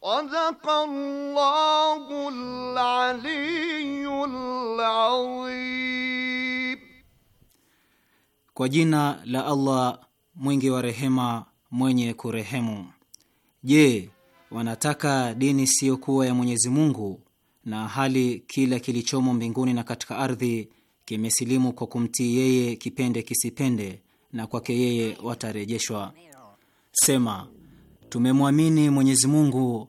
Sadakallahu Kwa jina la Allah mwingi wa rehema mwenye kurehemu. Je, wanataka dini siyo kuwa ya Mwenyezi Mungu na hali kila kilichomo mbinguni na katika ardhi kimesilimu kwa kumtii yeye kipende kisipende, na kwake yeye watarejeshwa. Sema, tumemwamini Mwenyezi Mungu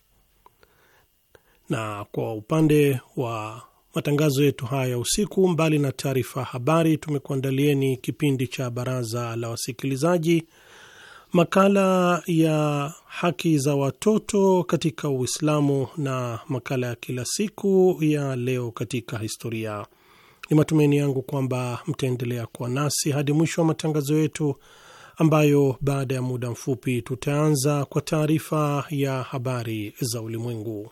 na kwa upande wa matangazo yetu haya ya usiku, mbali na taarifa habari, tumekuandalieni kipindi cha baraza la wasikilizaji, makala ya haki za watoto katika Uislamu na makala ya kila siku ya leo katika historia. Ni matumaini yangu kwamba mtaendelea kuwa nasi hadi mwisho wa matangazo yetu, ambayo baada ya muda mfupi tutaanza kwa taarifa ya habari za ulimwengu.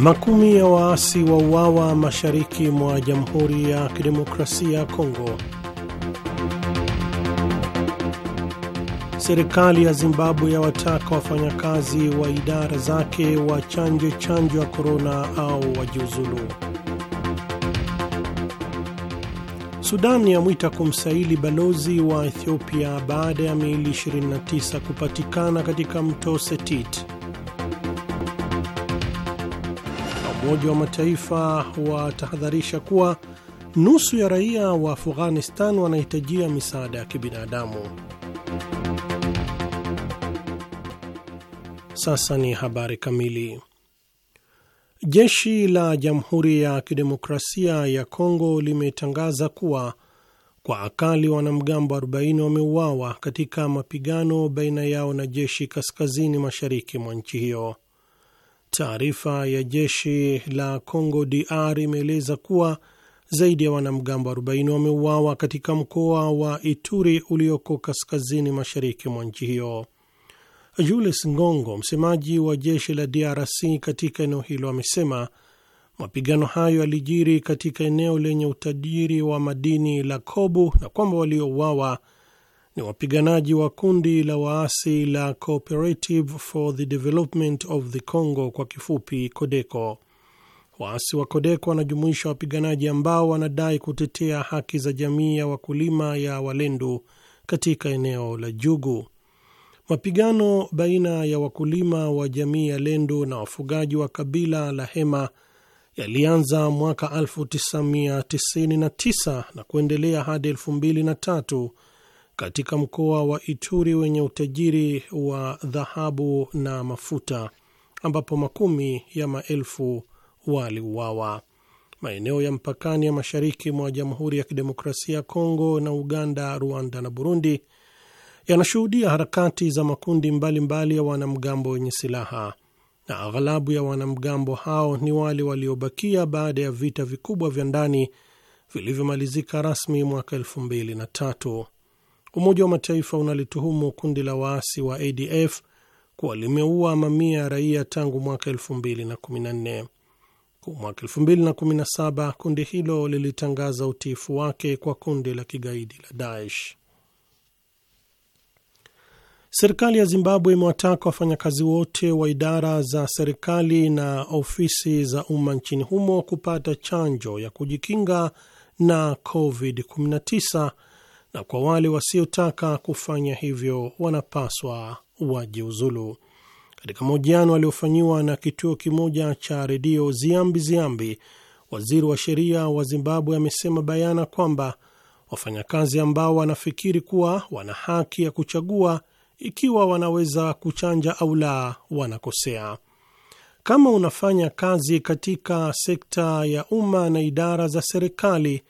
Makumi ya waasi wa uawa mashariki mwa Jamhuri ya Kidemokrasia ya Kongo. Serikali ya Zimbabwe yawataka wafanyakazi wa idara zake wachanje chanjo ya korona au wajiuzulu. Sudan yamwita kumsaili balozi wa Ethiopia baada ya miili 29 kupatikana katika mto Setit. Umoja wa Mataifa watahadharisha kuwa nusu ya raia wa Afghanistan wanahitajia misaada ya kibinadamu. Sasa ni habari kamili. Jeshi la Jamhuri ya Kidemokrasia ya Kongo limetangaza kuwa kwa akali wanamgambo 40 wameuawa katika mapigano baina yao na jeshi kaskazini mashariki mwa nchi hiyo. Taarifa ya jeshi la Congo DR imeeleza kuwa zaidi ya wanamgambo 40 wameuawa katika mkoa wa Ituri ulioko kaskazini mashariki mwa nchi hiyo. Jules Ngongo, msemaji wa jeshi la DRC katika eneo hilo, amesema mapigano hayo yalijiri katika eneo lenye utajiri wa madini la Kobu na kwamba waliouawa ni wapiganaji wa kundi la waasi la Cooperative for the Development of the Congo, kwa kifupi CODECO. Waasi wa CODECO wanajumuisha wapiganaji ambao wanadai kutetea haki za jamii ya wakulima ya Walendu katika eneo la Jugu. Mapigano baina ya wakulima wa jamii ya Lendu na wafugaji wa kabila la Hema yalianza mwaka 1999 na kuendelea hadi 2003 katika mkoa wa Ituri wenye utajiri wa dhahabu na mafuta ambapo makumi ya maelfu waliuawa. Maeneo ya mpakani ya mashariki mwa Jamhuri ya Kidemokrasia ya Kongo na Uganda, Rwanda na Burundi yanashuhudia harakati za makundi mbalimbali mbali ya wanamgambo wenye silaha, na aghalabu ya wanamgambo hao ni wale waliobakia baada ya vita vikubwa vya ndani vilivyomalizika rasmi mwaka elfu mbili na tatu. Umoja wa Mataifa unalituhumu kundi la waasi wa ADF kuwa limeua mamia ya raia tangu mwaka 2014. Mwaka 2017 kundi hilo lilitangaza utiifu wake kwa kundi la kigaidi la Daesh. Serikali ya Zimbabwe imewataka wafanyakazi wote wa idara za serikali na ofisi za umma nchini humo kupata chanjo ya kujikinga na COVID-19 na kwa wale wasiotaka kufanya hivyo wanapaswa wajiuzulu. Katika mahojiano aliyofanyiwa na kituo kimoja cha redio Ziambi Ziambi, waziri wa sheria wa Zimbabwe amesema bayana kwamba wafanyakazi ambao wanafikiri kuwa wana haki ya kuchagua ikiwa wanaweza kuchanja au la, wanakosea. Kama unafanya kazi katika sekta ya umma na idara za serikali,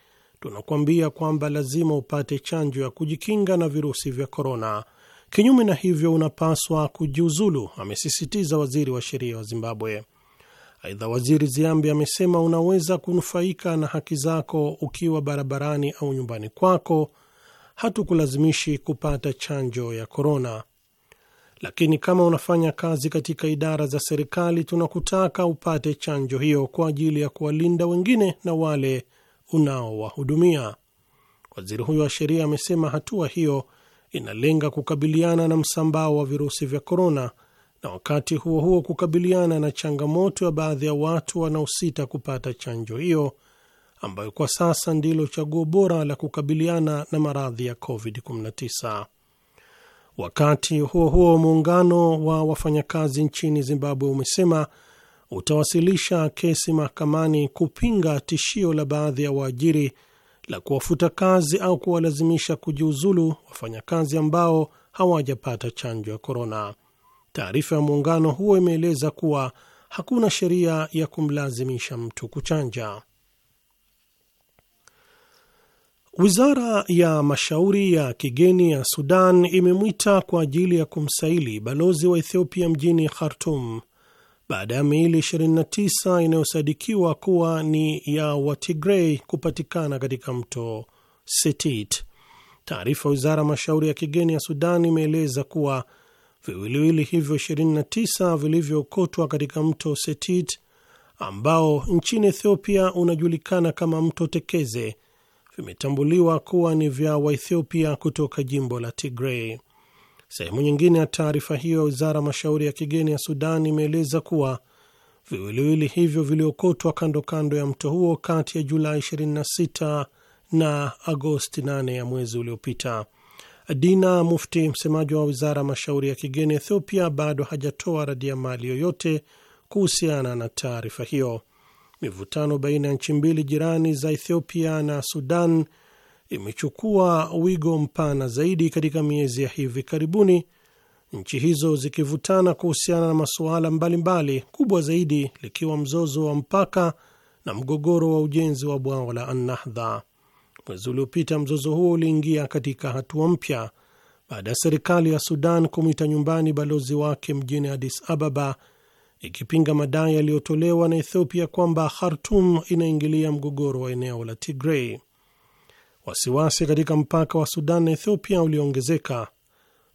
tunakuambia kwamba lazima upate chanjo ya kujikinga na virusi vya korona. Kinyume na hivyo, unapaswa kujiuzulu, amesisitiza waziri wa sheria wa Zimbabwe. Aidha, waziri Ziambi amesema unaweza kunufaika na haki zako ukiwa barabarani au nyumbani kwako, hatukulazimishi kupata chanjo ya korona, lakini kama unafanya kazi katika idara za serikali, tunakutaka upate chanjo hiyo kwa ajili ya kuwalinda wengine na wale unaowahudumia. Waziri huyo wa sheria amesema hatua hiyo inalenga kukabiliana na msambao wa virusi vya korona na wakati huo huo kukabiliana na changamoto ya baadhi ya watu wanaosita kupata chanjo hiyo ambayo kwa sasa ndilo chaguo bora la kukabiliana na maradhi ya COVID-19. Wakati huo huo, muungano wa wafanyakazi nchini Zimbabwe umesema utawasilisha kesi mahakamani kupinga tishio la baadhi ya waajiri la kuwafuta kazi au kuwalazimisha kujiuzulu wafanyakazi ambao hawajapata chanjo ya korona. Taarifa ya muungano huo imeeleza kuwa hakuna sheria ya kumlazimisha mtu kuchanja. Wizara ya mashauri ya kigeni ya Sudan imemwita kwa ajili ya kumsaili balozi wa Ethiopia mjini Khartum baada ya miili 29 inayosadikiwa kuwa ni ya Watigrei kupatikana katika mto Setit. Taarifa ya wizara ya mashauri ya kigeni ya Sudan imeeleza kuwa viwiliwili hivyo 29 vilivyokotwa katika mto Setit, ambao nchini Ethiopia unajulikana kama mto Tekeze, vimetambuliwa kuwa ni vya Waethiopia kutoka jimbo la Tigrei. Sehemu nyingine ya taarifa hiyo ya wizara ya mashauri ya kigeni ya Sudan imeeleza kuwa viwiliwili hivyo viliokotwa kando kando ya mto huo kati ya Julai 26 na Agosti 8 ya mwezi uliopita. Dina Mufti, msemaji wa wizara ya mashauri ya kigeni Ethiopia, bado hajatoa radi ya mali yoyote kuhusiana na taarifa hiyo. Mivutano baina ya nchi mbili jirani za Ethiopia na Sudan imechukua wigo mpana zaidi katika miezi ya hivi karibuni, nchi hizo zikivutana kuhusiana na masuala mbalimbali, kubwa zaidi likiwa mzozo wa mpaka na mgogoro wa ujenzi wa bwawa la Annahdha. Mwezi uliopita mzozo huo uliingia katika hatua mpya baada ya serikali ya Sudan kumwita nyumbani balozi wake mjini Addis Ababa ikipinga madai yaliyotolewa na Ethiopia kwamba Khartum inaingilia mgogoro wa eneo la Tigrei. Wasiwasi katika mpaka wa Sudan na Ethiopia ulioongezeka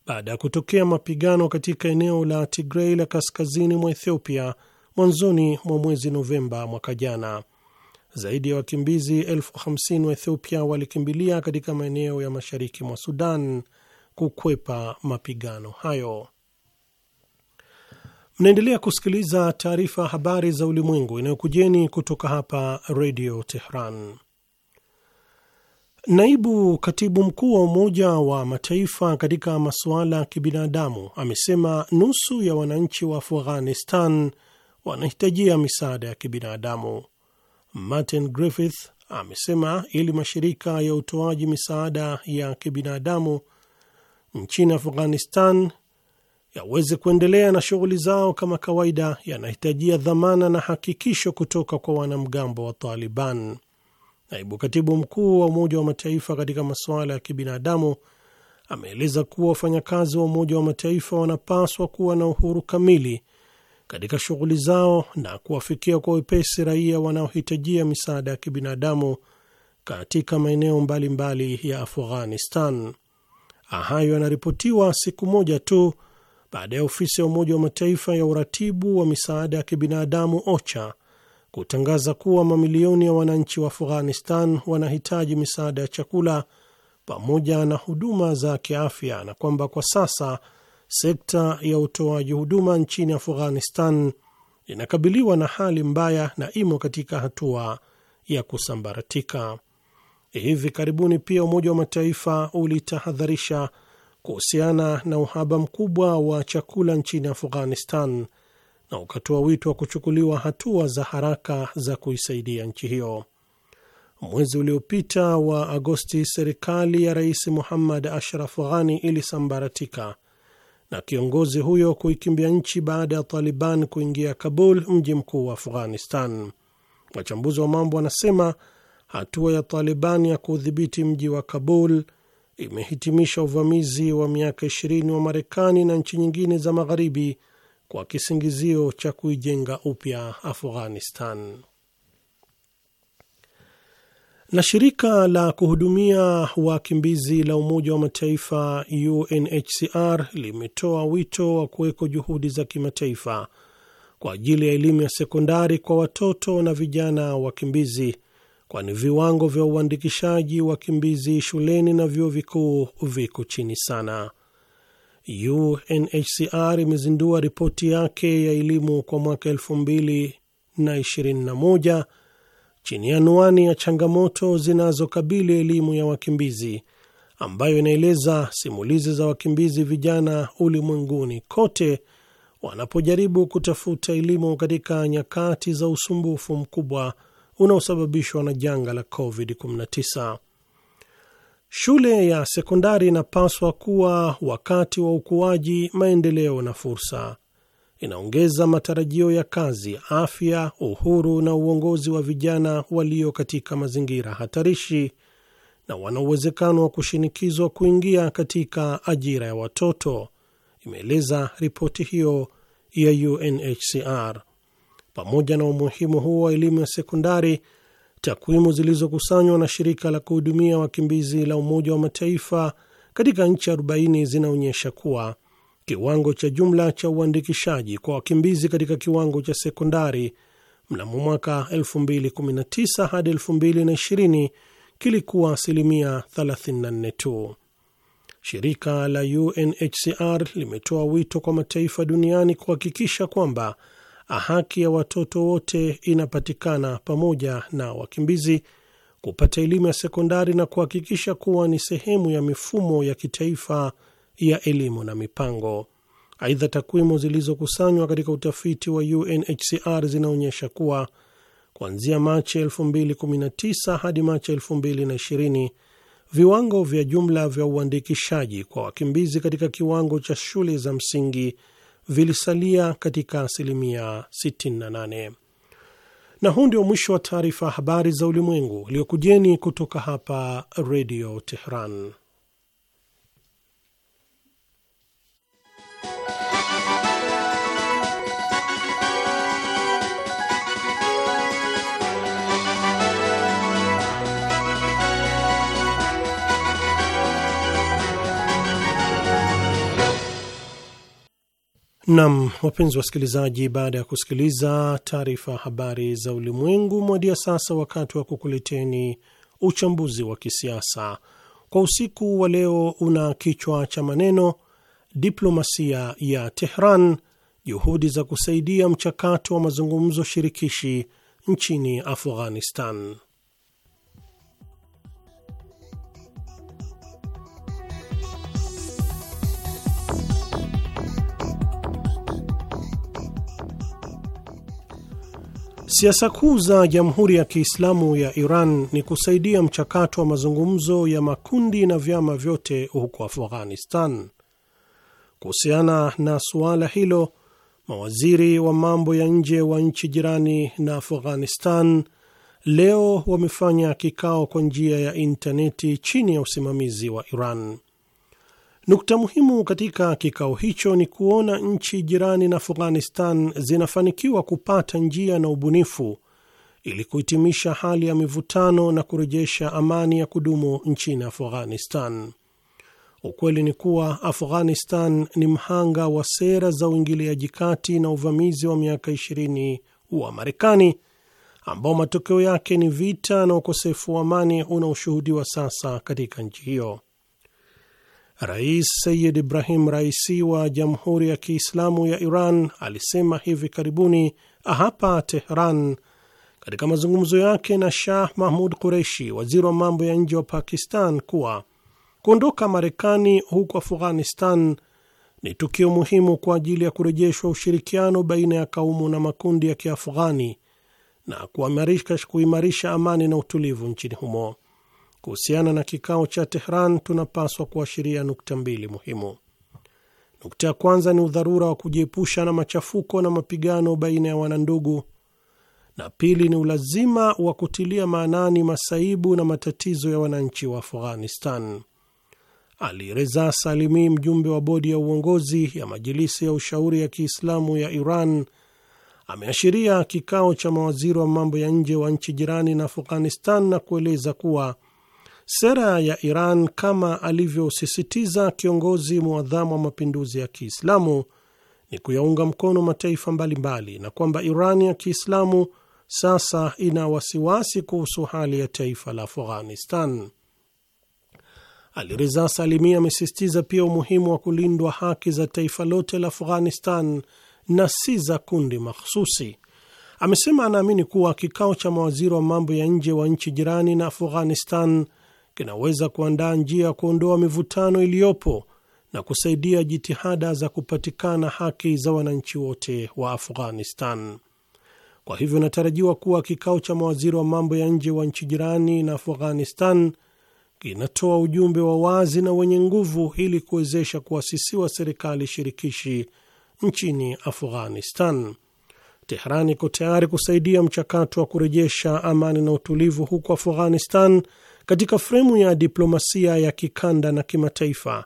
baada ya kutokea mapigano katika eneo la Tigrei la kaskazini mwa Ethiopia mwanzoni mwa mwezi Novemba mwaka jana. Zaidi ya wakimbizi elfu hamsini wa Ethiopia walikimbilia katika maeneo ya mashariki mwa Sudan kukwepa mapigano hayo. Mnaendelea kusikiliza taarifa habari za ulimwengu inayokujeni kutoka hapa Redio Tehran. Naibu katibu mkuu wa Umoja wa Mataifa katika masuala ya kibinadamu amesema nusu ya wananchi wa Afghanistan wanahitajia misaada ya kibinadamu. Martin Griffith amesema ili mashirika ya utoaji misaada ya kibinadamu nchini Afghanistan yaweze kuendelea na shughuli zao kama kawaida, yanahitajia dhamana na hakikisho kutoka kwa wanamgambo wa Taliban. Naibu katibu mkuu wa Umoja wa Mataifa katika masuala ya kibinadamu ameeleza kuwa wafanyakazi wa Umoja wa Mataifa wanapaswa kuwa na uhuru kamili katika shughuli zao na kuwafikia kwa wepesi raia wanaohitajia misaada ya kibinadamu katika maeneo mbalimbali ya Afghanistan. Hayo yanaripotiwa siku moja tu baada ya ofisi ya Umoja wa Mataifa ya uratibu wa misaada ya kibinadamu OCHA kutangaza kuwa mamilioni ya wananchi wa Afghanistan wanahitaji misaada ya chakula pamoja na huduma za kiafya na kwamba kwa sasa sekta ya utoaji huduma nchini Afghanistan inakabiliwa na hali mbaya na imo katika hatua ya kusambaratika. Hivi karibuni pia Umoja wa Mataifa ulitahadharisha kuhusiana na uhaba mkubwa wa chakula nchini Afghanistan na ukatoa wito wa kuchukuliwa hatua za haraka za kuisaidia nchi hiyo. Mwezi uliopita wa Agosti, serikali ya Rais Muhammad Ashraf Ghani ilisambaratika na kiongozi huyo kuikimbia nchi baada ya Taliban kuingia Kabul, mji mkuu wa Afghanistan. Wachambuzi wa mambo wanasema hatua ya Taliban ya kuudhibiti mji wa Kabul imehitimisha uvamizi wa miaka 20 wa Marekani na nchi nyingine za Magharibi kwa kisingizio cha kuijenga upya Afghanistan. Na shirika la kuhudumia wakimbizi la Umoja wa Mataifa UNHCR limetoa wito wa kuweko juhudi za kimataifa kwa ajili ya elimu ya sekondari kwa watoto na vijana wakimbizi, kwani viwango vya uandikishaji wakimbizi shuleni na vyuo vikuu viko chini sana. UNHCR imezindua ripoti yake ya elimu kwa mwaka 2021 chini ya anwani ya changamoto zinazokabili elimu ya wakimbizi ambayo inaeleza simulizi za wakimbizi vijana ulimwenguni kote wanapojaribu kutafuta elimu katika nyakati za usumbufu mkubwa unaosababishwa na janga la COVID-19. Shule ya sekondari inapaswa kuwa wakati wa ukuaji, maendeleo na fursa. Inaongeza matarajio ya kazi, afya, uhuru na uongozi wa vijana walio katika mazingira hatarishi na wana uwezekano wa kushinikizwa kuingia katika ajira ya watoto, imeeleza ripoti hiyo ya UNHCR. Pamoja na umuhimu huo wa elimu ya sekondari Takwimu zilizokusanywa na shirika la kuhudumia wakimbizi la Umoja wa Mataifa katika nchi 40 zinaonyesha kuwa kiwango cha jumla cha uandikishaji kwa wakimbizi katika kiwango cha sekondari mnamo mwaka 2019 hadi 2020 kilikuwa asilimia 34 tu. Shirika la UNHCR limetoa wito kwa mataifa duniani kuhakikisha kwamba haki ya watoto wote inapatikana pamoja na wakimbizi kupata elimu ya sekondari na kuhakikisha kuwa ni sehemu ya mifumo ya kitaifa ya elimu na mipango. Aidha, takwimu zilizokusanywa katika utafiti wa UNHCR zinaonyesha kuwa kuanzia Machi 2019 hadi Machi 2020 viwango vya jumla vya uandikishaji kwa wakimbizi katika kiwango cha shule za msingi vilisalia katika asilimia 68. Na huu ndio mwisho wa taarifa habari za ulimwengu iliyokujeni kutoka hapa Redio Tehran. Nam, wapenzi wasikilizaji, baada ya kusikiliza taarifa habari za ulimwengu, mwadia sasa wakati wa kukuleteni uchambuzi wa kisiasa kwa usiku wa leo. Una kichwa cha maneno diplomasia ya Tehran, juhudi za kusaidia mchakato wa mazungumzo shirikishi nchini Afghanistan. Siasa kuu za Jamhuri ya Kiislamu ya Iran ni kusaidia mchakato wa mazungumzo ya makundi na vyama vyote huko Afghanistan. Kuhusiana na suala hilo, mawaziri wa mambo ya nje wa nchi jirani na Afghanistan leo wamefanya kikao kwa njia ya intaneti chini ya usimamizi wa Iran. Nukta muhimu katika kikao hicho ni kuona nchi jirani na Afghanistan zinafanikiwa kupata njia na ubunifu ili kuhitimisha hali ya mivutano na kurejesha amani ya kudumu nchini Afghanistan. Ukweli ni kuwa Afghanistan ni mhanga wa sera za uingiliaji kati na uvamizi wa miaka 20 wa Marekani ambao matokeo yake ni vita na ukosefu wa amani unaoshuhudiwa sasa katika nchi hiyo. Rais sayid Ibrahim Raisi wa Jamhuri ya Kiislamu ya Iran alisema hivi karibuni hapa Tehran katika mazungumzo yake na Shah Mahmud Qureshi, waziri wa mambo ya nje wa Pakistan, kuwa kuondoka Marekani huko Afghanistan ni tukio muhimu kwa ajili ya kurejeshwa ushirikiano baina ya kaumu na makundi ya Kiafghani na kuimarisha amani na utulivu nchini humo. Kuhusiana na kikao cha Tehran, tunapaswa kuashiria nukta mbili muhimu. Nukta ya kwanza ni udharura wa kujiepusha na machafuko na mapigano baina ya wanandugu, na pili ni ulazima wa kutilia maanani masaibu na matatizo ya wananchi wa Afghanistan. Ali Reza Salimi, mjumbe wa bodi ya uongozi ya Majilisi ya Ushauri ya Kiislamu ya Iran, ameashiria kikao cha mawaziri wa mambo ya nje wa nchi jirani na Afghanistan na kueleza kuwa Sera ya Iran kama alivyosisitiza kiongozi mwadhamu wa mapinduzi ya Kiislamu ni kuyaunga mkono mataifa mbalimbali mbali, na kwamba Iran ya Kiislamu sasa ina wasiwasi kuhusu hali ya taifa la Afghanistan. Alireza Salimi amesisitiza pia umuhimu wa kulindwa haki za taifa lote la Afghanistan na si za kundi mahsusi. Amesema anaamini kuwa kikao cha mawaziri wa mambo ya nje wa nchi jirani na Afghanistan kinaweza kuandaa njia ya kuondoa mivutano iliyopo na kusaidia jitihada za kupatikana haki za wananchi wote wa Afghanistan. Kwa hivyo inatarajiwa kuwa kikao cha mawaziri wa mambo ya nje wa nchi jirani na Afghanistan kinatoa ujumbe wa wazi na wenye nguvu ili kuwezesha kuasisiwa serikali shirikishi nchini Afghanistan. teherani iko tayari kusaidia mchakato wa kurejesha amani na utulivu huko Afghanistan katika fremu ya diplomasia ya kikanda na kimataifa,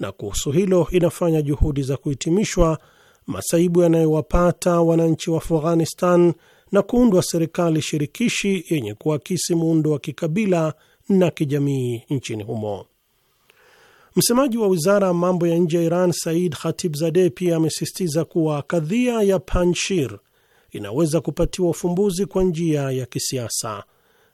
na kuhusu hilo inafanya juhudi za kuhitimishwa masaibu yanayowapata wananchi wa Afghanistan na kuundwa serikali shirikishi yenye kuakisi muundo wa kikabila na kijamii nchini humo. Msemaji wa wizara ya mambo ya nje ya Iran Said Khatibzadeh pia amesisitiza kuwa kadhia ya Panshir inaweza kupatiwa ufumbuzi kwa njia ya kisiasa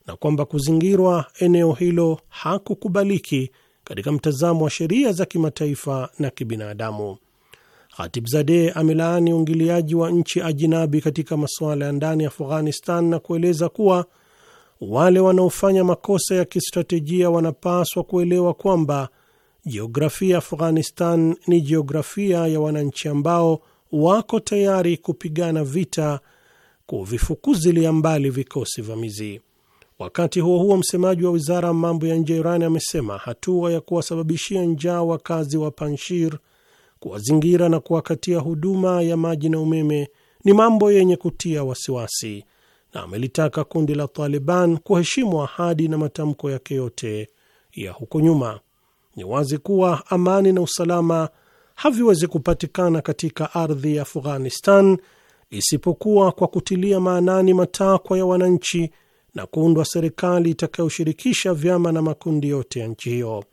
na kwamba kuzingirwa eneo hilo hakukubaliki katika mtazamo wa sheria za kimataifa na kibinadamu. zade amelaani uingiliaji wa nchi ajinabi katika masuala ya ndani ya Afghanistan na kueleza kuwa wale wanaofanya makosa ya kistratejia wanapaswa kuelewa kwamba jiografia ya Afghanistan ni jiografia ya wananchi ambao wako tayari kupigana vita kuvifukuzilia mbali vikosi vamizi. Wakati huo huo, msemaji wa wizara ya mambo ya nje ya Iran amesema hatua ya kuwasababishia njaa wakazi wa Panshir, kuwazingira na kuwakatia huduma ya maji na umeme ni mambo yenye kutia wasiwasi, na amelitaka kundi la Taliban kuheshimu ahadi na matamko yake yote ya huko nyuma. Ni wazi kuwa amani na usalama haviwezi kupatikana katika ardhi ya Afghanistan isipokuwa kwa kutilia maanani matakwa ya wananchi na kuundwa serikali itakayoshirikisha vyama na makundi yote ya nchi hiyo,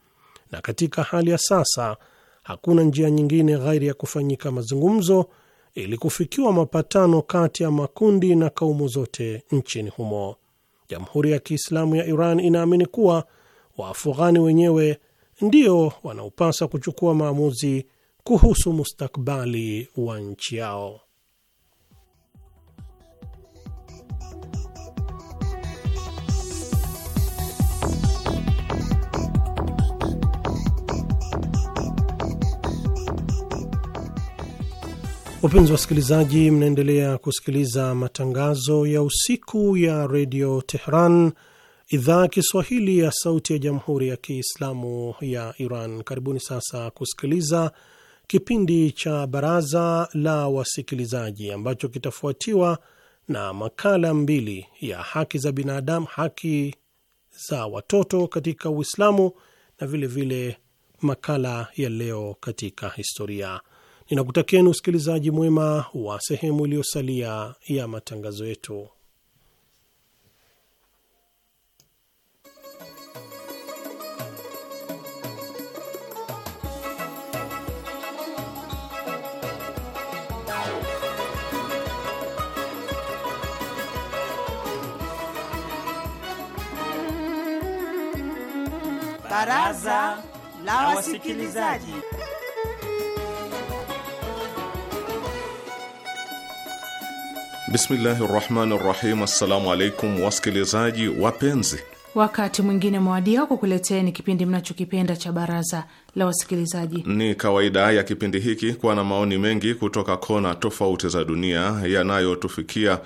na katika hali ya sasa hakuna njia nyingine ghairi ya kufanyika mazungumzo ili kufikiwa mapatano kati ya makundi na kaumu zote nchini humo. Jamhuri ya Kiislamu ya Iran inaamini kuwa Waafughani wenyewe ndio wanaopaswa kuchukua maamuzi kuhusu mustakbali wa nchi yao. Wapenzi wasikilizaji, mnaendelea kusikiliza matangazo ya usiku ya redio Tehran, idhaa ya Kiswahili ya sauti ya jamhuri ya Kiislamu ya Iran. Karibuni sasa kusikiliza kipindi cha baraza la wasikilizaji ambacho kitafuatiwa na makala mbili ya haki za binadamu, haki za watoto katika Uislamu na vilevile vile makala ya leo katika historia. Ninakutakieni usikilizaji mwema wa sehemu iliyosalia ya matangazo yetu. Baraza la Wasikilizaji. Bismillahi rahmani rahim. Assalamu alaikum wasikilizaji wapenzi, wakati mwingine mwadia kukuleteni kipindi mnachokipenda cha baraza la wasikilizaji. Ni kawaida ya kipindi hiki kuwa na maoni mengi kutoka kona tofauti za dunia yanayotufikia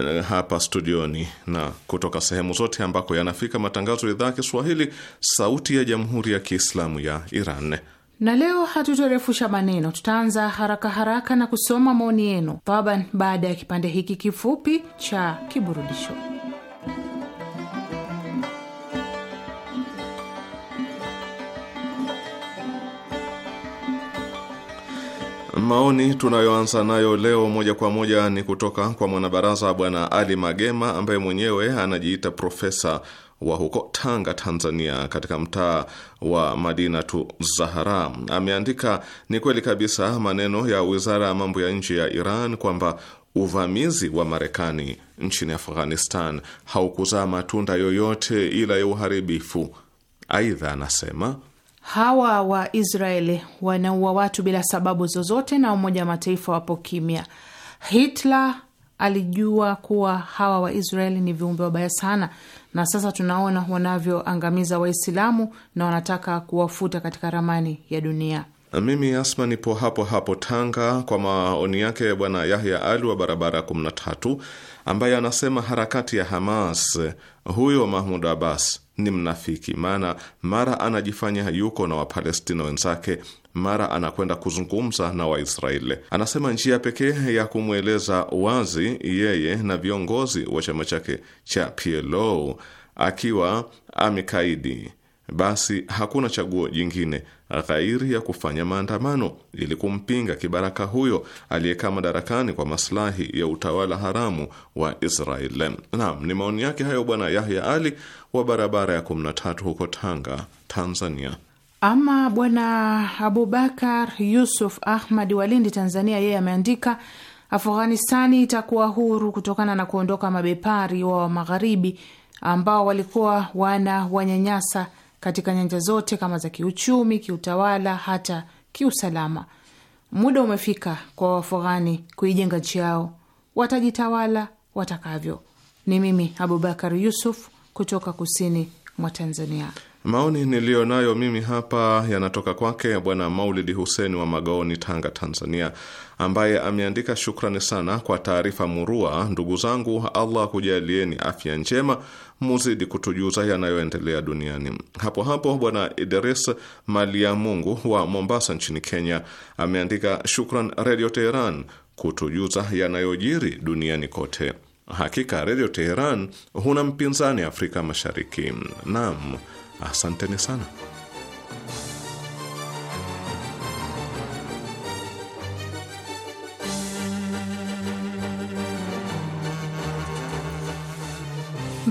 eh, hapa studioni na kutoka sehemu zote ambako yanafika matangazo ya idhaa ya Kiswahili, Sauti ya Jamhuri ya Kiislamu ya Iran na leo hatutorefusha maneno, tutaanza haraka haraka na kusoma maoni yenu taban, baada ya kipande hiki kifupi cha kiburudisho. Maoni tunayoanza nayo leo moja kwa moja ni kutoka kwa mwanabaraza Bwana Ali Magema ambaye mwenyewe anajiita profesa wa huko Tanga, Tanzania, katika mtaa wa Madinatu Zahara ameandika, ni kweli kabisa maneno ya wizara ya mambo ya nje ya Iran kwamba uvamizi wa Marekani nchini Afghanistan haukuzaa matunda yoyote ila ya uharibifu. Aidha anasema hawa wa Israeli wanaua watu bila sababu zozote na Umoja wa Mataifa wapo kimya. Hitler alijua kuwa hawa wa Israeli ni viumbe wabaya sana na sasa tunaona wanavyoangamiza Waislamu na wanataka kuwafuta katika ramani ya dunia. Mimi Asma nipo hapo hapo Tanga, kwa maoni yake Bwana Yahya Ali wa barabara 13 ambaye anasema harakati ya Hamas huyo Mahmud Abbas ni mnafiki, maana mara anajifanya yuko na Wapalestina wenzake, mara anakwenda kuzungumza na Waisraeli. Anasema njia pekee ya kumweleza wazi yeye na viongozi wa chama chake cha PLO akiwa amekaidi basi hakuna chaguo jingine ghairi ya kufanya maandamano ili kumpinga kibaraka huyo aliyekaa madarakani kwa maslahi ya utawala haramu wa Israel. Naam, ni maoni yake hayo Bwana Yahya Ali wa barabara ya 13 huko Tanga, Tanzania. Ama Bwana Abubakar Yusuf Ahmad wa Lindi, Tanzania, yeye ameandika Afghanistani itakuwa huru kutokana na kuondoka mabepari wa, wa magharibi ambao walikuwa wana wanyanyasa katika nyanja zote kama za kiuchumi, kiutawala, hata kiusalama. Muda umefika kwa Waafghani kuijenga nchi yao, watajitawala watakavyo. Ni mimi Abubakar Yusuf kutoka kusini mwa Tanzania. Maoni niliyo nayo mimi hapa yanatoka kwake Bwana Maulidi Huseni wa Magaoni, Tanga, Tanzania ambaye ameandika shukrani sana kwa taarifa murua. Ndugu zangu, Allah kujalieni afya njema, muzidi kutujuza yanayoendelea duniani. Hapo hapo Bwana Idris mali ya Mungu wa Mombasa nchini Kenya ameandika shukran Radio Teheran kutujuza yanayojiri duniani kote. Hakika Radio Teheran huna mpinzani Afrika Mashariki. Naam, asanteni sana.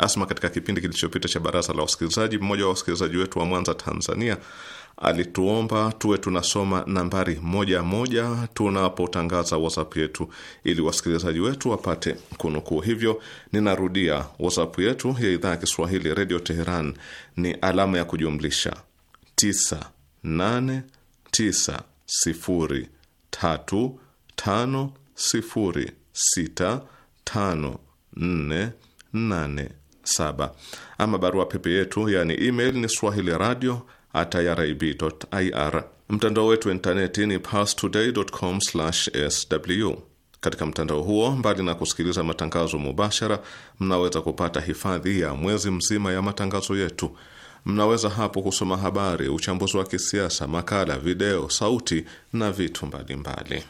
Asma, katika kipindi kilichopita cha baraza la wasikilizaji, mmoja wa wasikilizaji wetu wa Mwanza, Tanzania, alituomba tuwe tunasoma nambari moja moja tunapotangaza WhatsApp yetu ili wasikilizaji wetu wapate kunukuu. Hivyo ninarudia, WhatsApp yetu ya idhaa ya Kiswahili Redio Teheran ni alama ya kujumlisha 9890350654 saba. Ama barua pepe yetu yani email ni swahili radio at irib.ir. Mtandao wetu wa intaneti ni parstoday.com/sw. Katika mtandao huo, mbali na kusikiliza matangazo mubashara, mnaweza kupata hifadhi ya mwezi mzima ya matangazo yetu. Mnaweza hapo kusoma habari, uchambuzi wa kisiasa, makala, video, sauti na vitu mbalimbali mbali.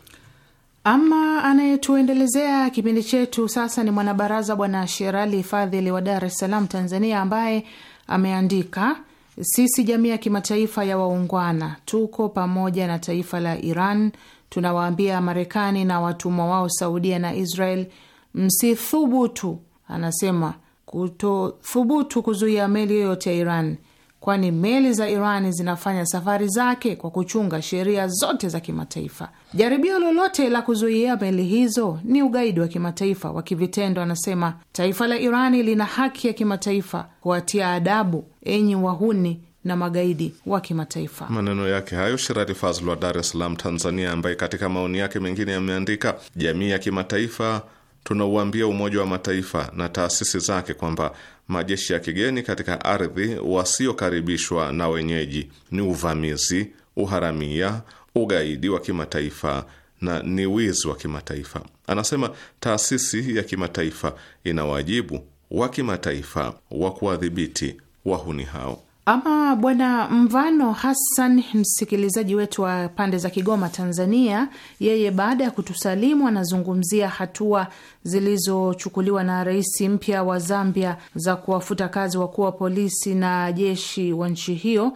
Ama anayetuendelezea kipindi chetu sasa ni mwanabaraza Bwana Sherali Fadhili wa Dar es Salaam, Tanzania, ambaye ameandika sisi jamii ya kimataifa ya waungwana tuko pamoja na taifa la Iran. Tunawaambia Marekani na watumwa wao Saudia na Israel, msithubutu, anasema kutothubutu kuzuia meli yoyote ya Iran kwani meli za Iran zinafanya safari zake kwa kuchunga sheria zote za kimataifa. Jaribio lolote la kuzuia meli hizo ni ugaidi wa kimataifa wa kivitendo, anasema. Taifa la Irani lina haki ya kimataifa kuwatia adabu enyi wahuni na magaidi wa kimataifa. Maneno yake hayo Shirati Fazl wa Dar es Salaam, Tanzania, ambaye katika maoni yake mengine yameandika, jamii ya kimataifa tunauambia Umoja wa Mataifa na taasisi zake kwamba majeshi ya kigeni katika ardhi wasiokaribishwa na wenyeji ni uvamizi, uharamia, ugaidi wa kimataifa na ni wizi wa kimataifa. Anasema taasisi ya kimataifa ina wajibu wa kimataifa wa kuwadhibiti wahuni hao. Ama bwana Mvano Hassan, msikilizaji wetu wa pande za Kigoma, Tanzania, yeye baada ya kutusalimu anazungumzia hatua zilizochukuliwa na rais mpya wa Zambia za kuwafuta kazi wakuu wa polisi na jeshi wa nchi hiyo,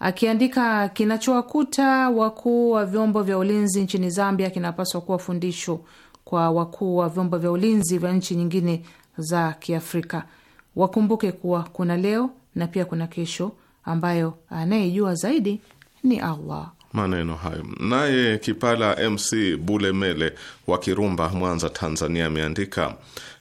akiandika, kinachowakuta wakuu wa vyombo vya ulinzi nchini Zambia kinapaswa kuwa fundisho kwa wakuu wa vyombo vya ulinzi vya nchi nyingine za Kiafrika. Wakumbuke kuwa kuna leo na pia kuna kesho ambayo anayejua zaidi ni Allah. Maneno hayo naye Kipala MC Bulemele wa Kirumba, Mwanza, Tanzania, ameandika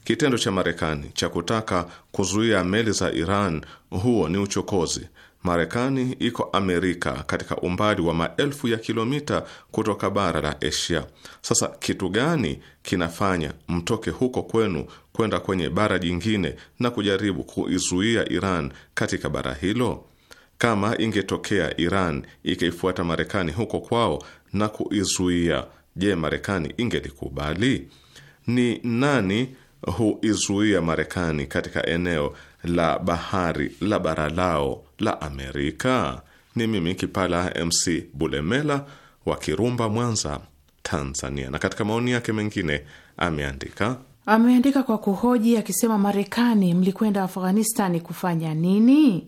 kitendo cha Marekani cha kutaka kuzuia meli za Iran, huo ni uchokozi Marekani iko Amerika katika umbali wa maelfu ya kilomita kutoka bara la Asia. Sasa kitu gani kinafanya mtoke huko kwenu kwenda kwenye bara jingine na kujaribu kuizuia Iran katika bara hilo? Kama ingetokea Iran ikaifuata Marekani huko kwao na kuizuia, je, Marekani ingelikubali? Ni nani huizuia Marekani katika eneo la bahari la bara lao la Amerika? Ni mimi Kipala MC Bulemela wa Kirumba, Mwanza, Tanzania. Na katika maoni yake mengine ameandika ameandika kwa kuhoji akisema, Marekani mlikwenda Afghanistani kufanya nini?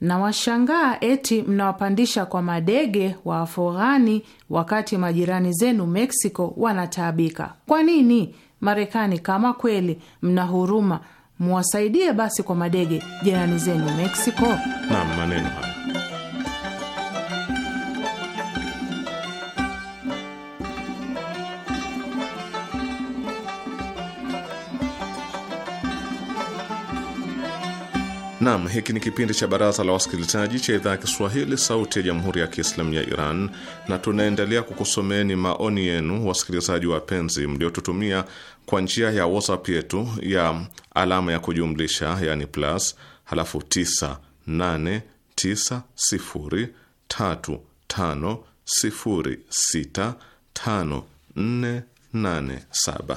nawashangaa eti mnawapandisha kwa madege wa Afghani wakati majirani zenu Meksiko wanataabika. Kwa nini Marekani, kama kweli mna huruma mwasaidie basi kwa madege jirani zenu Mexico. Naam, maneno hayo. Nam, hiki ni kipindi cha Baraza la Wasikilizaji cha idhaa ya Kiswahili, Sauti ya Jamhuri ya Kiislamu ya Iran, na tunaendelea kukusomeni maoni yenu, wasikilizaji wapenzi, mliotutumia kwa njia ya WhatsApp yetu ya alama ya kujumlisha yani plus halafu 989035065487.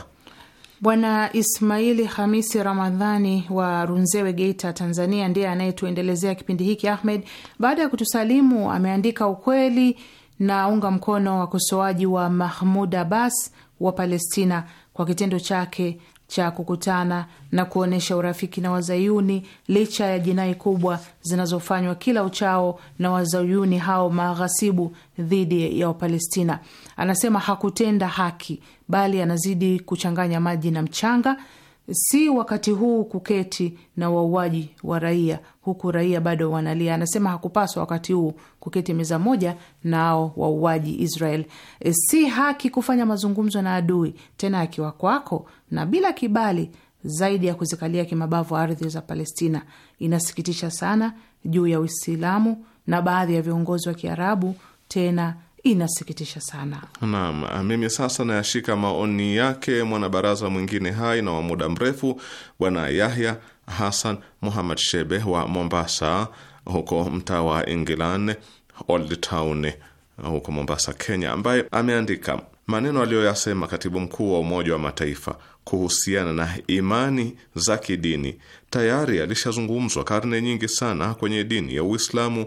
Bwana Ismaili Hamisi Ramadhani wa Runzewe, Geita, Tanzania, ndiye anayetuendelezea kipindi hiki. Ahmed, baada ya kutusalimu, ameandika ukweli na unga mkono wakosoaji wa Mahmud Abbas wa Palestina kwa kitendo chake cha kukutana na kuonyesha urafiki na wazayuni licha ya jinai kubwa zinazofanywa kila uchao na wazayuni hao maghasibu dhidi ya Wapalestina. Anasema hakutenda haki, bali anazidi kuchanganya maji na mchanga si wakati huu kuketi na wauaji wa raia huku raia bado wanalia. Anasema hakupaswa wakati huu kuketi meza moja nao wauaji Israel. Si haki kufanya mazungumzo na adui, tena akiwa kwako na bila kibali, zaidi ya kuzikalia kimabavu ardhi za Palestina. Inasikitisha sana juu ya Uislamu na baadhi ya viongozi wa Kiarabu, tena Inasikitisha sana. Naam, mimi sasa nayashika maoni yake mwanabaraza mwingine hai na wa muda mrefu, Bwana Yahya Hassan Muhammad Shebe wa Mombasa, huko mtaa wa England Old Town, huko Mombasa, Kenya, ambaye ameandika maneno aliyoyasema katibu mkuu wa Umoja wa Mataifa kuhusiana na imani za kidini tayari alishazungumzwa karne nyingi sana kwenye dini ya Uislamu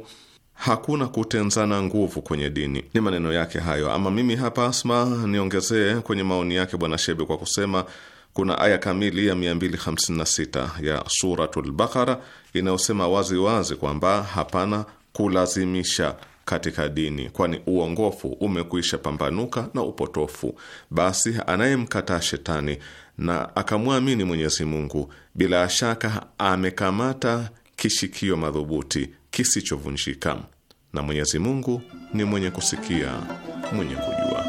hakuna kutenzana nguvu kwenye dini. Ni maneno yake hayo. Ama mimi hapa Asma niongezee kwenye maoni yake Bwana Shebe kwa kusema kuna aya kamili ya 256 ya Suratul Bakara inayosema wazi wazi kwamba hapana kulazimisha katika dini, kwani uongofu umekwisha pambanuka na upotofu. Basi anayemkataa shetani na akamwamini Mwenyezi Mungu, bila shaka amekamata kishikio madhubuti kisichovunjika, na Mwenyezi Mungu ni mwenye kusikia, mwenye kujua.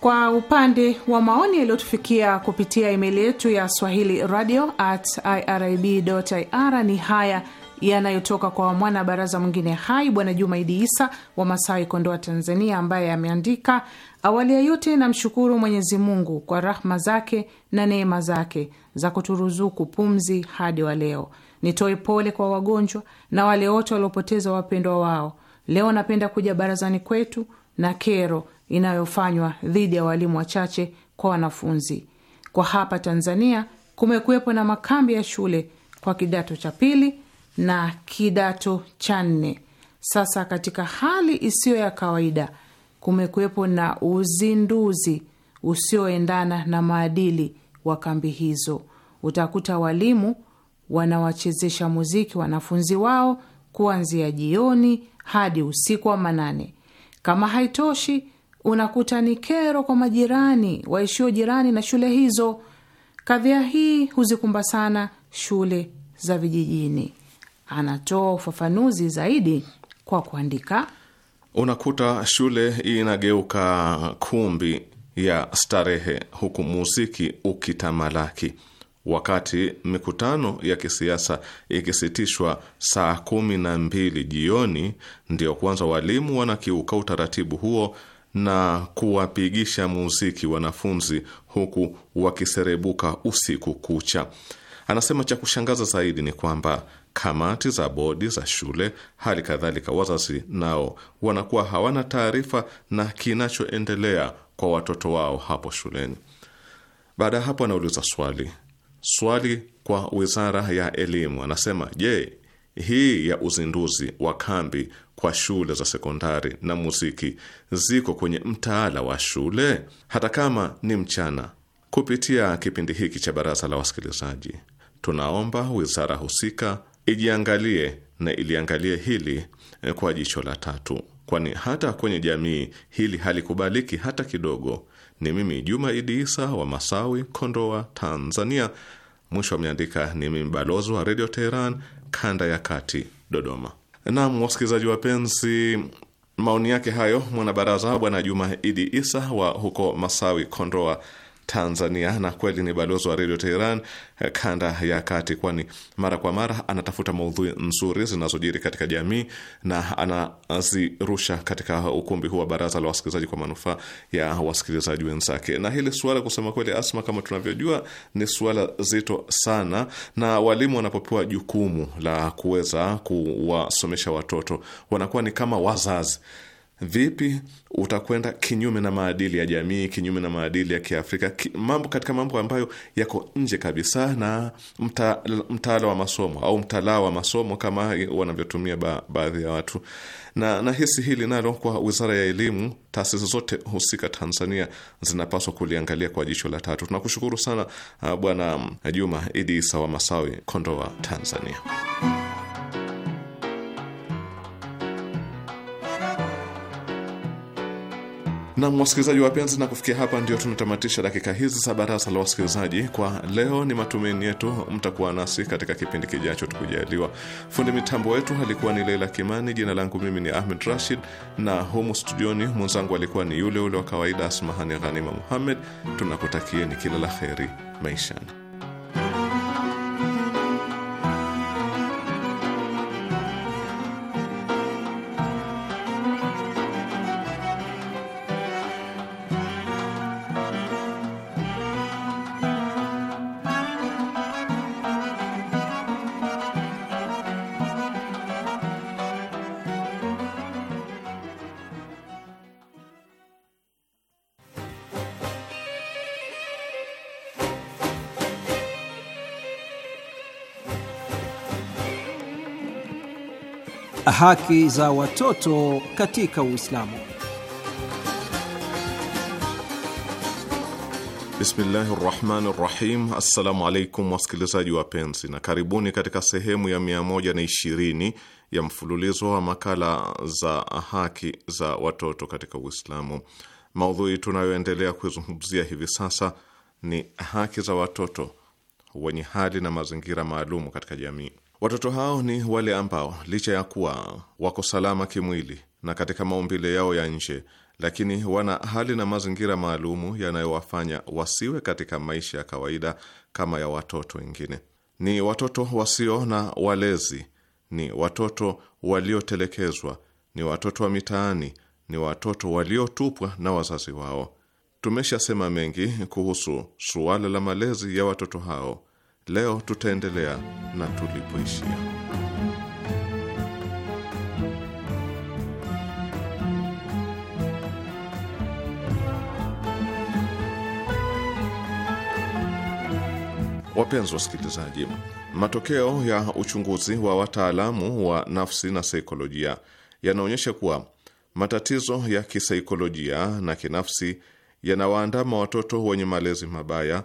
Kwa upande wa maoni yaliyotufikia kupitia email yetu ya swahili radio at irib.ir ni haya yanayotoka kwa mwana baraza mwingine hai Bwana Juma Idi Isa wa Masawi, Kondoa, Tanzania, ambaye ameandika: awali ya yote namshukuru Mwenyezi Mungu kwa rahma zake na neema zake za kuturuzuku pumzi hadi wa leo. Nitoe pole kwa wagonjwa na wale wote waliopoteza wapendwa wao. Leo napenda kuja barazani kwetu na kero inayofanywa dhidi ya walimu wachache kwa wanafunzi. Kwa hapa Tanzania kumekuwepo na makambi ya shule kwa kidato cha pili na kidato cha nne. Sasa katika hali isiyo ya kawaida, kumekuwepo na uzinduzi usioendana na maadili wa kambi hizo. Utakuta walimu wanawachezesha muziki wanafunzi wao kuanzia jioni hadi usiku wa manane. Kama haitoshi, unakuta ni kero kwa majirani waishio jirani na shule hizo. Kadhia hii huzikumba sana shule za vijijini anatoa ufafanuzi zaidi kwa kuandika, unakuta shule inageuka kumbi ya starehe, huku muziki ukitamalaki, wakati mikutano ya kisiasa ikisitishwa saa kumi na mbili jioni, ndiyo kwanza walimu wanakiuka utaratibu huo na kuwapigisha muziki wanafunzi huku wakiserebuka usiku kucha. Anasema cha kushangaza zaidi ni kwamba kamati za bodi za shule, hali kadhalika wazazi nao wanakuwa hawana taarifa na kinachoendelea kwa watoto wao hapo shuleni. Baada ya hapo, anauliza swali swali kwa wizara ya elimu, anasema: Je, hii ya uzinduzi wa kambi kwa shule za sekondari na muziki ziko kwenye mtaala wa shule, hata kama ni mchana? Kupitia kipindi hiki cha Baraza la Wasikilizaji, tunaomba wizara husika ijiangalie na iliangalie hili eh, kwa jicho la tatu, kwani hata kwenye jamii hili halikubaliki hata kidogo. Ni mimi Juma Idi Isa wa Masawi, Kondoa, Tanzania. Mwisho ameandika ni mimi balozi wa Redio Teheran kanda ya kati, Dodoma. Naam, wasikilizaji wapenzi, maoni yake hayo mwanabaraza bwana Juma Idi Isa wa huko Masawi, Kondoa Tanzania na kweli ni balozi wa redio Teheran eh, kanda ya kati, kwani mara kwa mara anatafuta maudhui nzuri zinazojiri katika jamii na anazirusha katika ukumbi huu wa baraza la wasikilizaji kwa manufaa ya wasikilizaji wenzake. Na hili suala kusema kweli, Asma, kama tunavyojua, ni suala zito sana, na walimu wanapopewa jukumu la kuweza kuwasomesha watoto wanakuwa ni kama wazazi vipi utakwenda kinyume na maadili ya jamii, kinyume na maadili ya Kiafrika, mambo katika mambo ambayo yako nje kabisa na mta, mtaala wa masomo au mtalaa wa masomo kama wanavyotumia ba, baadhi ya watu, na nahisi hili nalo kwa Wizara ya Elimu, taasisi zote husika Tanzania zinapaswa kuliangalia kwa jicho la tatu. Tunakushukuru sana ah, Bwana Juma Idi Isa wa Masawi, Kondoa, Tanzania. Na wasikilizaji wapenzi, na kufikia hapa ndio tunatamatisha dakika hizi za baraza la wasikilizaji kwa leo. Ni matumaini yetu mtakuwa nasi katika kipindi kijacho, tukujaliwa. Fundi mitambo wetu alikuwa ni Leila Kimani, jina langu mimi ni Ahmed Rashid, na humu studioni mwenzangu alikuwa ni yule ule wa kawaida Asmahani Ghanima Muhammed. Tunakutakieni kila la kheri maishani. Haki za watoto katika Uislamu. Bismillahi rahmani rahim. Assalamu alaikum wasikilizaji wapenzi, na karibuni katika sehemu ya 120 ya mfululizo wa makala za haki za watoto katika Uislamu. Maudhui tunayoendelea kuizungumzia hivi sasa ni haki za watoto wenye hali na mazingira maalum katika jamii. Watoto hao ni wale ambao licha ya kuwa wako salama kimwili na katika maumbile yao ya nje, lakini wana hali na mazingira maalumu yanayowafanya wasiwe katika maisha ya kawaida kama ya watoto wengine. Ni watoto wasio na walezi, ni watoto waliotelekezwa, ni watoto wa mitaani, ni watoto waliotupwa na wazazi wao. Tumeshasema mengi kuhusu suala la malezi ya watoto hao Leo tutaendelea na tulipoishia. Wapenzi wasikilizaji, matokeo ya uchunguzi wa wataalamu wa nafsi na saikolojia yanaonyesha kuwa matatizo ya kisaikolojia na kinafsi yanawaandama watoto wenye malezi mabaya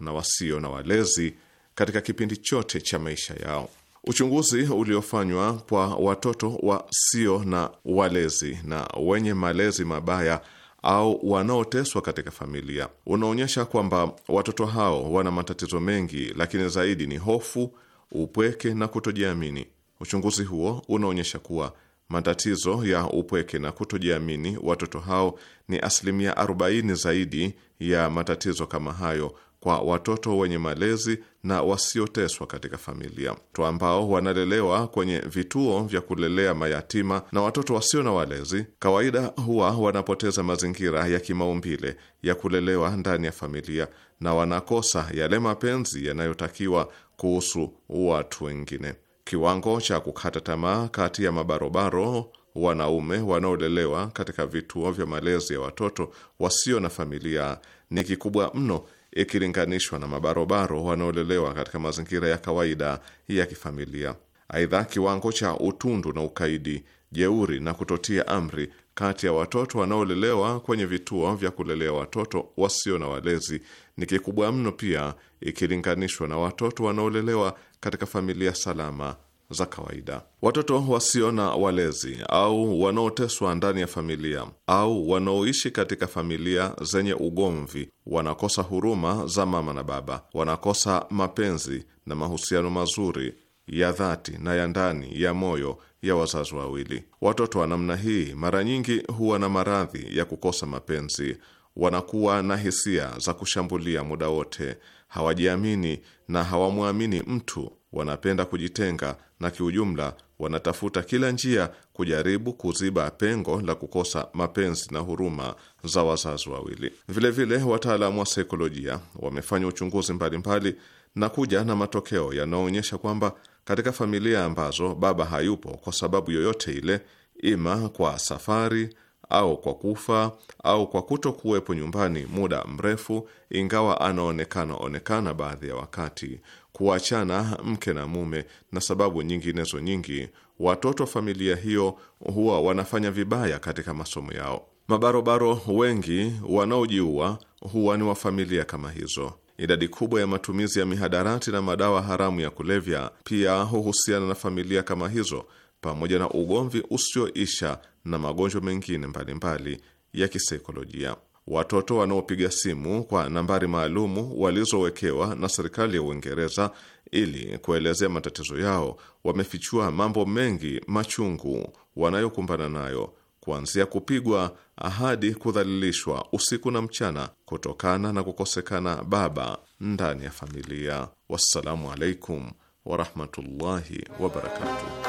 na wasio na walezi katika kipindi chote cha maisha yao. Uchunguzi uliofanywa kwa watoto wasio na walezi na wenye malezi mabaya au wanaoteswa katika familia unaonyesha kwamba watoto hao wana matatizo mengi, lakini zaidi ni hofu, upweke na kutojiamini. Uchunguzi huo unaonyesha kuwa matatizo ya upweke na kutojiamini watoto hao ni asilimia 40 zaidi ya matatizo kama hayo kwa watoto wenye malezi na wasioteswa katika familia to ambao wanalelewa kwenye vituo vya kulelea mayatima na watoto wasio na walezi, kawaida huwa wanapoteza mazingira ya kimaumbile ya kulelewa ndani ya familia na wanakosa yale mapenzi yanayotakiwa kuhusu watu wengine. Kiwango cha kukata tamaa kati ya mabarobaro wanaume wanaolelewa katika vituo vya malezi ya watoto wasio na familia ni kikubwa mno ikilinganishwa na mabarobaro wanaolelewa katika mazingira ya kawaida ya kifamilia. Aidha, kiwango cha utundu na ukaidi, jeuri na kutotia amri kati ya watoto wanaolelewa kwenye vituo vya kulelea watoto wasio na walezi ni kikubwa mno pia ikilinganishwa na watoto wanaolelewa katika familia salama za kawaida. Watoto wasio na walezi au wanaoteswa ndani ya familia au wanaoishi katika familia zenye ugomvi wanakosa huruma za mama na baba, wanakosa mapenzi na mahusiano mazuri ya dhati na ya ndani ya moyo ya wazazi wawili. Watoto wa namna hii mara nyingi huwa na maradhi ya kukosa mapenzi, wanakuwa na hisia za kushambulia muda wote, hawajiamini na hawamwamini mtu, wanapenda kujitenga na kiujumla wanatafuta kila njia kujaribu kuziba pengo la kukosa mapenzi na huruma za wazazi wawili. Vilevile, wataalamu wa saikolojia wamefanya uchunguzi mbalimbali mbali na kuja na matokeo yanayoonyesha kwamba katika familia ambazo baba hayupo kwa sababu yoyote ile, ima kwa safari au kwa kufa au kwa kuto kuwepo nyumbani muda mrefu, ingawa anaonekana onekana baadhi ya wakati kuachana mke na mume na sababu nyinginezo nyingi, watoto wa familia hiyo huwa wanafanya vibaya katika masomo yao. Mabarobaro wengi wanaojiua huwa ni wa familia kama hizo. Idadi kubwa ya matumizi ya mihadarati na madawa haramu ya kulevya pia huhusiana na familia kama hizo, pamoja na ugomvi usioisha na magonjwa mengine mbalimbali ya kisaikolojia watoto wanaopiga simu kwa nambari maalumu walizowekewa na serikali ya Uingereza ili kuelezea matatizo yao wamefichua mambo mengi machungu wanayokumbana nayo kuanzia kupigwa hadi kudhalilishwa usiku na mchana kutokana na kukosekana baba ndani ya familia. Wassalamu alaikum warahmatullahi wabarakatuh.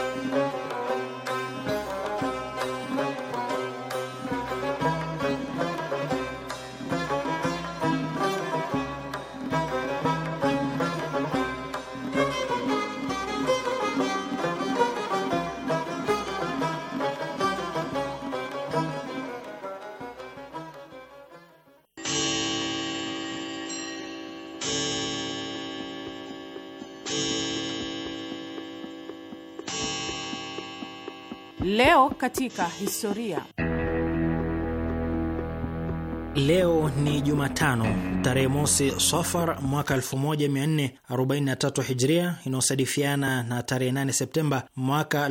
Leo katika historia. Leo ni Jumatano tarehe mosi Safar mwaka 1443 Hijria, inayosadifiana na tarehe 8 Septemba mwaka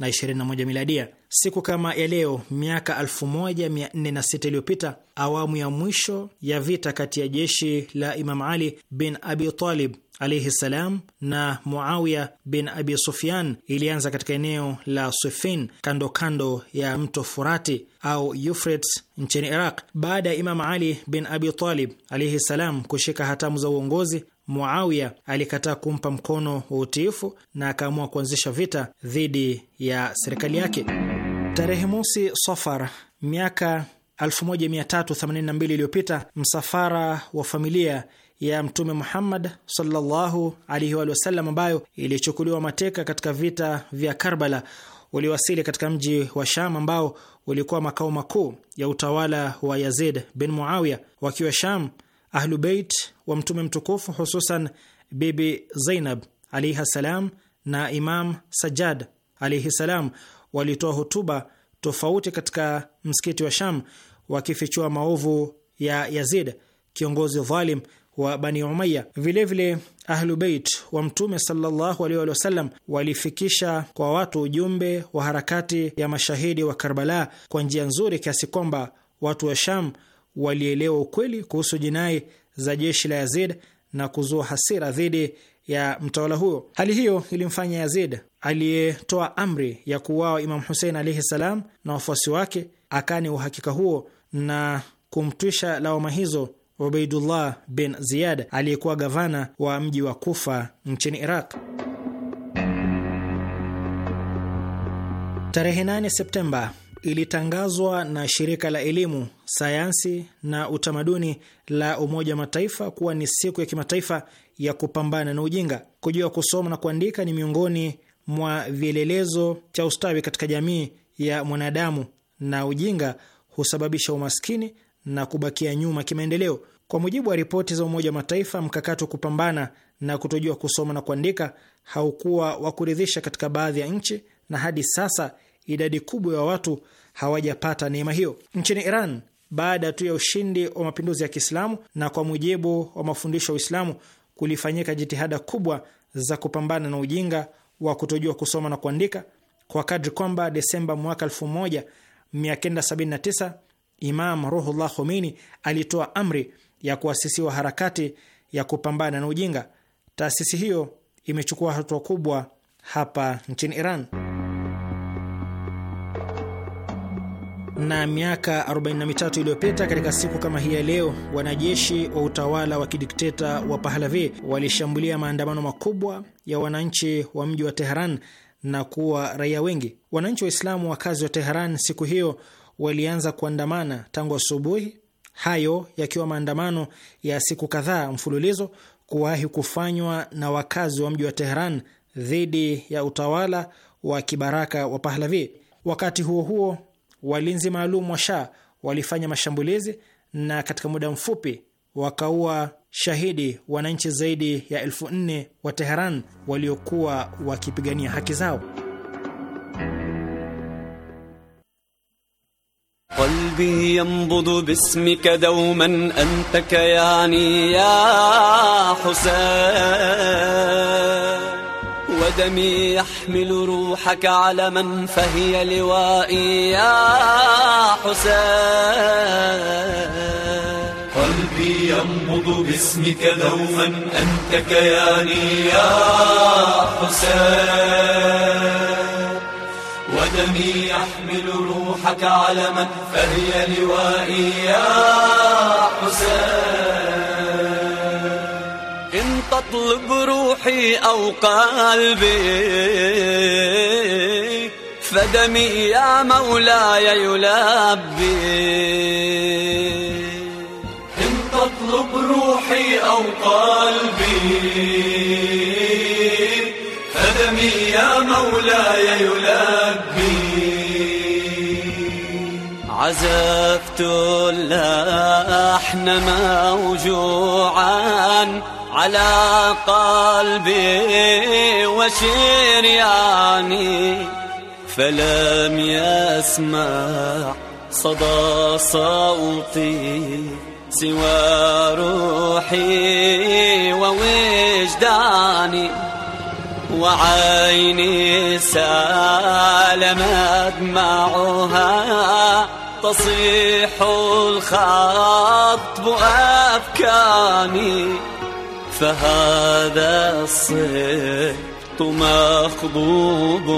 21 miladia. Siku kama ya leo miaka 1406 iliyopita, awamu ya mwisho ya vita kati ya jeshi la Imam Ali bin Abi Talib alaihi salam na Muawiya bin Abi Sufyan ilianza katika eneo la swifin kando kando ya mto Furati au Euphrates nchini Iraq. Baada ya Imam Ali bin Abi Talib alaihi salam kushika hatamu za uongozi Muawiya alikataa kumpa mkono wa utiifu na akaamua kuanzisha vita dhidi ya serikali yake. Tarehe mosi Safar miaka 1382 iliyopita, msafara wa familia ya Mtume Muhammad sallallahu alaihi ambayo ilichukuliwa mateka katika vita vya Karbala uliwasili katika mji wa Sham ambao ulikuwa makao makuu ya utawala wa Yazid bin Muawiya. Wakiwa Sham, Ahlubeit wa Mtume mtukufu hususan Bibi Zainab alaihi salam na Imam sajad alaihi salam walitoa hotuba tofauti katika msikiti wa Sham wakifichua maovu ya Yazid, kiongozi dhalim wa Bani Umaya. Vilevile, Ahlubeit wa Mtume sallallahu alaihi walifikisha kwa watu ujumbe wa harakati ya mashahidi wa Karbala kwa njia nzuri kiasi kwamba watu wa Sham walielewa ukweli kuhusu jinai za jeshi la Yazid na kuzua hasira dhidi ya mtawala huyo. Hali hiyo ilimfanya Yazid aliyetoa amri ya kuuawa Imam Husein alaihi salam na wafuasi wake akani uhakika huo na kumtwisha lawama hizo Ubaidullah bin Ziyad aliyekuwa gavana wa mji wa Kufa nchini Iraq. Tarehe 8 Septemba ilitangazwa na shirika la elimu, sayansi na utamaduni la Umoja wa Mataifa kuwa ni siku ya kimataifa ya kupambana na ujinga. Kujua kusoma na kuandika ni miongoni mwa vielelezo cha ustawi katika jamii ya mwanadamu, na ujinga husababisha umaskini na kubakia nyuma kimaendeleo. Kwa mujibu wa ripoti za Umoja wa Mataifa, mkakati wa kupambana na kutojua kusoma na kuandika haukuwa wa kuridhisha katika baadhi ya nchi, na hadi sasa idadi kubwa ya watu hawajapata neema hiyo. Nchini Iran, baada tu ya ushindi wa mapinduzi ya Kiislamu na kwa mujibu wa mafundisho ya Uislamu, kulifanyika jitihada kubwa za kupambana na ujinga wa kutojua kusoma na kuandika kwa kadri kwamba Desemba mwaka 1979 Imam Ruhullah Khomeini alitoa amri ya kuasisiwa harakati ya kupambana na ujinga. Taasisi hiyo imechukua hatua kubwa hapa nchini Iran. na miaka 43 iliyopita katika siku kama hii ya leo, wanajeshi wa utawala wa kidikteta wa Pahlavi walishambulia maandamano makubwa ya wananchi wa mji wa Teheran na kuwa raia wengi. Wananchi Waislamu wakazi wa Teheran siku hiyo walianza kuandamana tangu asubuhi, hayo yakiwa maandamano ya siku kadhaa mfululizo kuwahi kufanywa na wakazi wa mji wa Teheran dhidi ya utawala wa kibaraka wa Pahlavi. Wakati huo huo, walinzi maalum wa Shah walifanya mashambulizi na katika muda mfupi wakaua shahidi wananchi zaidi ya elfu nne wa Teheran waliokuwa wakipigania haki zao. qalbi yanbudu bismika dawman anta kayani ya Husain ودمي يحمل روحك على من فهي لوائي يا حسين قلبي ينبض باسمك دوما أنت كياني يا حسين ودمي يحمل روحك علما فهي لوائي يا حسين اطلب روحي او قلبي فدمي يا مولاي يلبي ان تطلب روحي او قلبي فدمي يا مولاي يلبي عزفت اللحن موجوعا على قلبي وشرياني فلم يسمع صدى صوتي سوى روحي ووجداني وعيني سالمت معها تصيح الخطب أبكاني فهذا الصيت مخضوب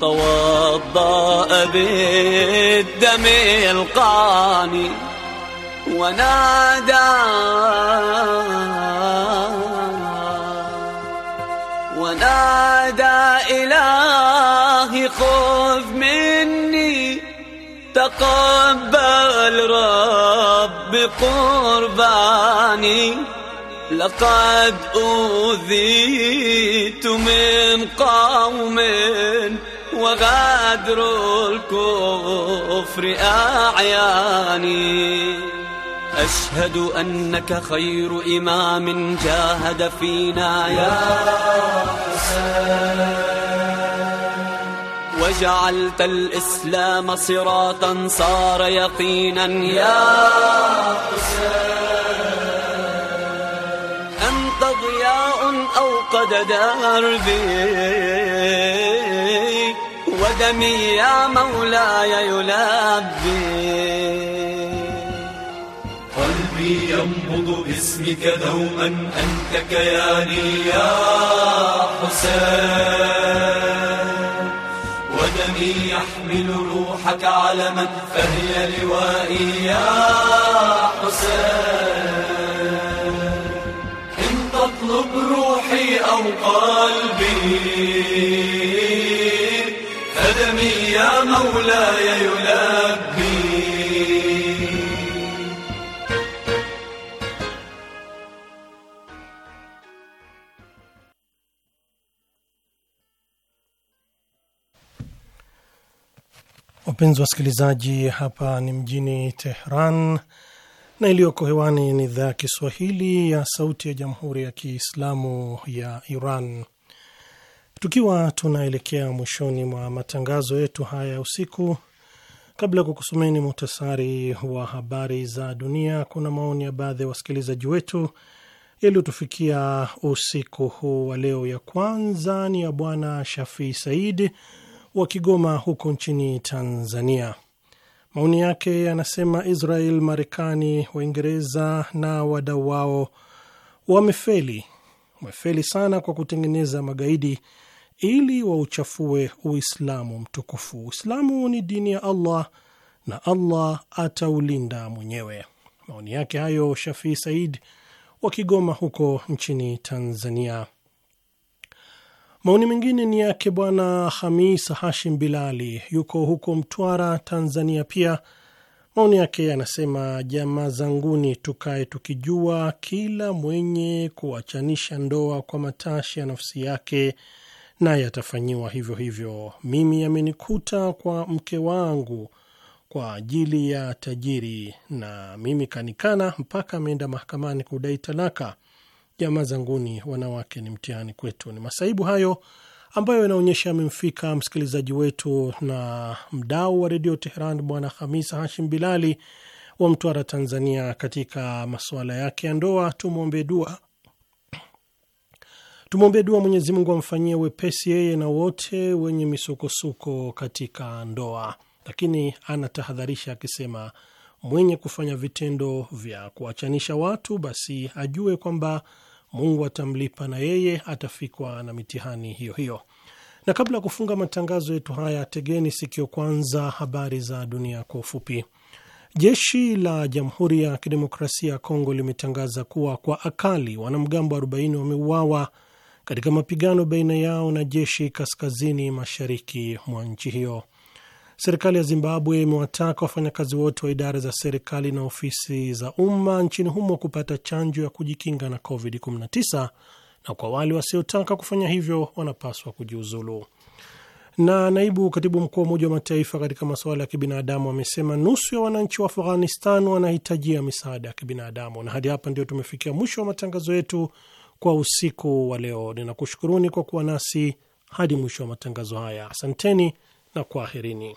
توضأ بالدم القاني ونادى ونادى إلهي خذ مني تقبل رب قرباني لقد أوذيت من قوم وغادر الكفر أعياني أشهد أنك خير إمام جاهد فينا يا حسين وجعلت الإسلام صراطا صار يقينا يا حسين وساد دربي ودمي يا مولاي يلبي قلبي ينبض باسمك دوما أنت كياني يا حسين ودمي يحمل روحك علما فهي لوائي يا حسين أو قلبي يا مولاي يلبي Wapenzi wasikilizaji, hapa ni mjini Tehran na iliyoko hewani ni idhaa ya Kiswahili ya Sauti ya Jamhuri ya Kiislamu ya Iran. Tukiwa tunaelekea mwishoni mwa matangazo yetu haya ya usiku, kabla ya kukusomeni muhtasari wa habari za dunia, kuna maoni ya baadhi ya wasikilizaji wetu yaliyotufikia usiku huu wa leo. Ya kwanza ni ya Bwana Shafii Saidi wa Kigoma huko nchini Tanzania. Maoni yake yanasema Israel, Marekani, Waingereza na wadau wao wamefeli, wamefeli sana kwa kutengeneza magaidi ili wauchafue Uislamu mtukufu. Uislamu ni dini ya Allah na Allah ataulinda mwenyewe. Maoni yake hayo Shafii Said wa Kigoma huko nchini Tanzania. Maoni mengine ni yake bwana Hamis Hashim Bilali, yuko huko Mtwara, Tanzania. Pia maoni yake anasema jamaa zanguni, tukae tukijua kila mwenye kuachanisha ndoa kwa matashi ya nafsi yake naye atafanyiwa hivyo hivyo. Mimi amenikuta kwa mke wangu kwa ajili ya tajiri, na mimi kanikana mpaka ameenda mahakamani kudai talaka. Jamaa zanguni, wanawake ni mtihani kwetu. Ni masaibu hayo ambayo yanaonyesha amemfika msikilizaji wetu na mdau wa redio Teheran, Bwana Hamis Hashim Bilali wa Mtwara, Tanzania, katika masuala yake ya ndoa. Tumwombe dua, tumwombe dua Mwenyezi Mungu amfanyie wepesi yeye na wote wenye misukosuko katika ndoa. Lakini anatahadharisha akisema, mwenye kufanya vitendo vya kuachanisha watu basi ajue kwamba Mungu atamlipa na yeye atafikwa na mitihani hiyo hiyo. Na kabla ya kufunga matangazo yetu haya, tegeni sikio kwanza habari za dunia kwa ufupi. Jeshi la Jamhuri ya Kidemokrasia ya Kongo limetangaza kuwa kwa akali wanamgambo 40 wameuawa katika mapigano baina yao na jeshi kaskazini mashariki mwa nchi hiyo. Serikali ya Zimbabwe imewataka wafanyakazi wote wa idara za serikali na ofisi za umma nchini humo kupata chanjo ya kujikinga na COVID-19 na kwa wale wasiotaka kufanya hivyo wanapaswa kujiuzulu. Na naibu katibu mkuu wa Umoja wa Mataifa katika masuala ya kibinadamu amesema nusu ya wananchi wa Afghanistan wanahitajia misaada ya kibinadamu. Na hadi hapa ndio tumefikia mwisho wa matangazo yetu kwa usiku wa leo. Ninakushukuruni kwa kuwa nasi hadi mwisho wa matangazo haya. Asanteni na kwaherini.